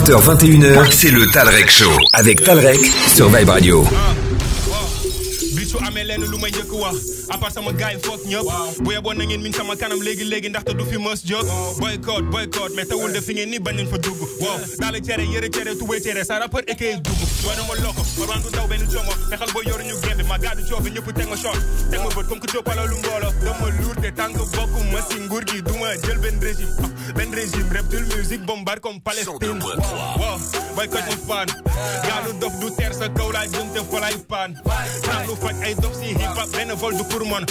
20h21h, c'est le Talrec Show avec Talrec sur Vibe Radio. amee lenn lu may jëkk wax à part sama gars yi ñëpp bu yeboon na ngeen min sama kanam léegi léegi ndaxte du fi mës jóg boycott boycott mais tawul de fi ngeen ni bañ nañ fa dugg waaw daal cere yëre cere tubay cere sa rapport ekee dugg booy na ma loko warwaan du daw benn jomo te xal booy yoruñu gembe ma gaadu coofi ñëpp teg ma short teg comme que jóppaloo lu mbooloo dama luur te tànk bokk ma si nguur gi duma jël benn régime ah, benn régime reptile musique bombarde comme Palestine waaw boycott mu fan gaalu dof du să cău la gând în fără pan am nu fac ai dop, hip-hop, benevol du curmon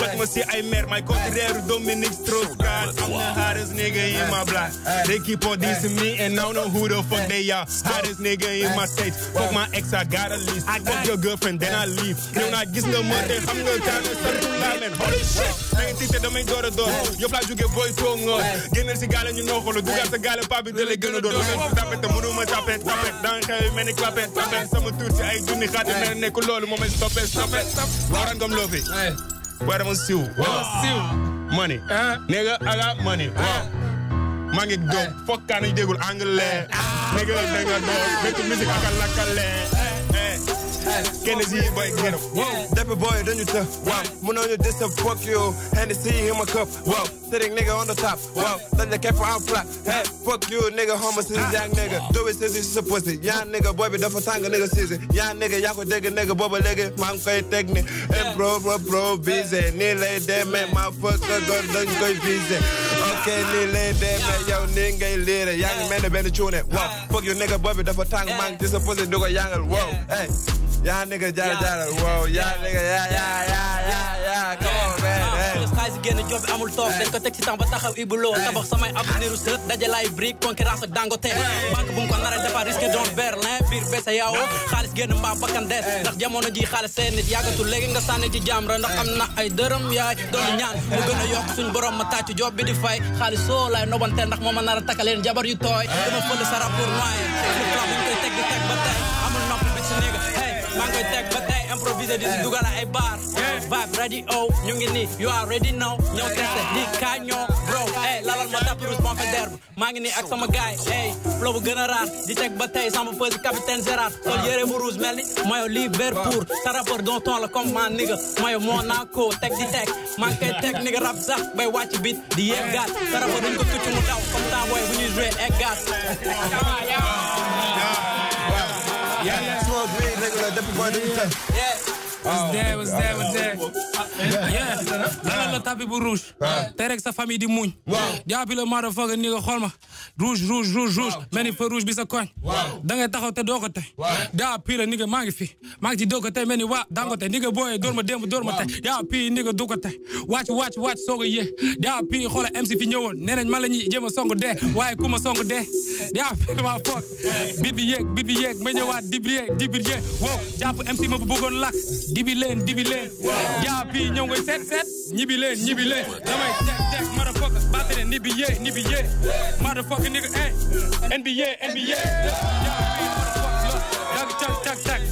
Tot mă si ai mer, mai contrariu Dominic Strauss-Kahn I'm the hottest nigga in my block They keep on dissing me and I don't know who the fuck they are Hottest nigga in my state Fuck my ex, I got a lease I got your girlfriend, then I leave Eu n-a ghis de mă, te ham gând, te-am Holy shit, 93 damay door a door yo plaat jóge booy too ngoor génnal si gaale ñu nooxalu dugal sa gaale paa bi dalay gën a door tapet te mënuma tapet tapet danga xew mel ni clapet tapet sama tuur si ay junni xaati mel nekk loolu moom ay stoppé stoppé waran gam loofi waaye dama siw dama siw money uh-huh. nigga I got money maa ngi doom fokk kaa nañu déggul anglais nigga nigga doom bétu musique ak a lakkale kennen zie je wat ik ken. Wow, dapper boy, you je te. Wow, moet on your distance, fuck you. Hennessy him? my cup, wow. Sitting nigga on the top, wow. Let the cap our flat. Hey, fuck you, nigga, homo ah. city nigga. Do it since it's a pussy. Young nigga, boy, be dapper tanga nigga season. young nigga, y'all could goed diggen nigga, bubble nigga, Man, kan je tekenen. En bro, bro, bro, busy. Niet like that, man, motherfucker, gun, dan kan je busy. Okay, niet like that, yo, nigga, je leren. Young man, ben je tunen, wow. Ah. Fuck you, nigga, boy, be dapper tanga man, this a pussy, doe ga jangel, Hey. Y'all yeah, yeah, yeah, wow, yeah, niggas, yeah, yeah, yeah, yeah, yeah, come on, man, ah, hey. job amul toog dañ ko teg ci temps ba taxaw ibuloo tabax samay ab niru sët dajalaay brique concurrence ak dangote banque bu ko nara dafa risque doon berlin eh. biir besa yaawoo xaalis nah. génn mbaa bakkan des ndax jamono ji xaalis seen nit yàggatul léegi nga sànni ci jaam ra ndax am ay dërëm yaay doon ñaan mu gën a yokk borom ma tàccu job bi oh, di fay xaalis soo laay nobante ndax moo nara takkaleen jabar yu tooy dama fël sa rapport noyé mu koy teg di ba tey amul nopp bi ci néega Mango tech, but I ba tey improviser di si dugal ay baar vibe radio ñu ngi nii you already know ñëw testé li kaa ñoo bro ey lalal ma tapis rouge bon fait d'herbe maa sama gaay ey flow bu Detect batay raar di teg ba tey sama feusi capitaine Gérard sol yére bu mayo Liverpool sa rapport dont ton la nigga mayo Monaco Tech di teg maa ngi koy teg nigga rap sax bay wàcc bit di yeggaat sa rapport dañ ko tucc mu daw comme temps booy bu ñuy joué eggaat What's that? What's that? What's that? Yeah la tapis bu rouge. te sa famille di muñ. waaw jaabi motherfucker ni nga rouge rouge rouge rouge. mel ni rouge bi sa koñ. waaw da ngay taxaw te doo ko tey. waaw jaa dangote ni nga booyee door ma démb door ma tey. jaa pii ni nga du ko a yee. MC fi ñëwoon nee nañ song dee waaye ku song dee. jaa pii maa foog. bit bi yeeg bit bi yeeg ma ñëwaat dibir yeeg dibir MC ma bu bëggoon dibi leen dibi leen jaa pii ñëw nga ñibi leen NIBILE, nibble. Now I stack, stack, motherfuckers, about that NBA, NBA. Motherfucking nigga, eh? NBA, NBA.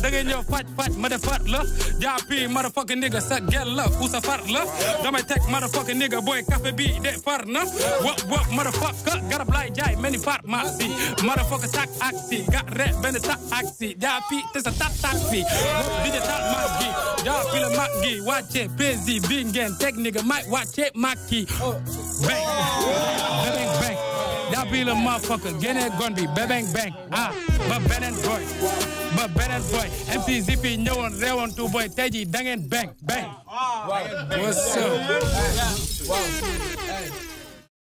Da ngay ñëw faj faj ma def fat la yaa bi motherfucking nigga sa gel who's a far la damay teg motherfucking nigga booy café be that far na What, what, motherfucker garab laay jaay mel ni pharmacie motherfucker tak aksi got re benn tak aksi yaa bi te sa tak taksi wop did de tak mas Y'all feel a Mackie, watch it, busy, vegan, tech nigga, might watch it, Mackie. key. Bang. bang, bang, Y'all feel a motherfucker, get it, be bang, bang. Ah, but Ben and Boy, but Ben and Boy, MC Zippy, no one, they one, two boy, Teddy, dang and bang, bang. Ah, ah. What's up?